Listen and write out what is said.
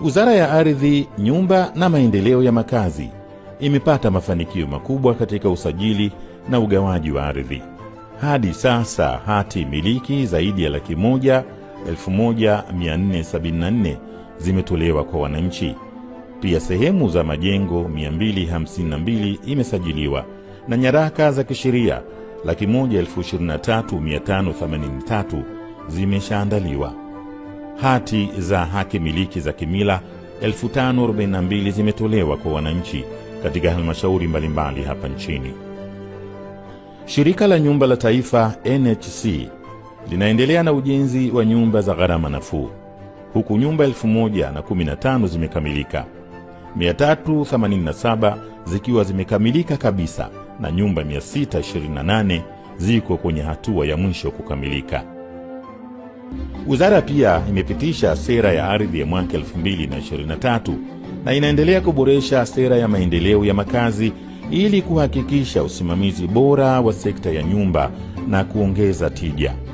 Wizara ya Ardhi, Nyumba na Maendeleo ya Makazi imepata mafanikio makubwa katika usajili na ugawaji wa ardhi. Hadi sasa hati miliki zaidi ya laki moja 1474 zimetolewa kwa wananchi. Pia sehemu za majengo 252 imesajiliwa na nyaraka za kisheria laki moja 23583 zimeshaandaliwa hati za haki miliki za kimila 542 zimetolewa kwa wananchi katika halmashauri mbalimbali hapa nchini. Shirika la Nyumba la Taifa NHC linaendelea na ujenzi wa nyumba za gharama nafuu huku nyumba 1015 zimekamilika, 387 zikiwa zimekamilika kabisa na nyumba 628 ziko kwenye hatua ya mwisho kukamilika. Wizara pia imepitisha sera ya ardhi ya mwaka 2023 na inaendelea kuboresha sera ya maendeleo ya makazi ili kuhakikisha usimamizi bora wa sekta ya nyumba na kuongeza tija.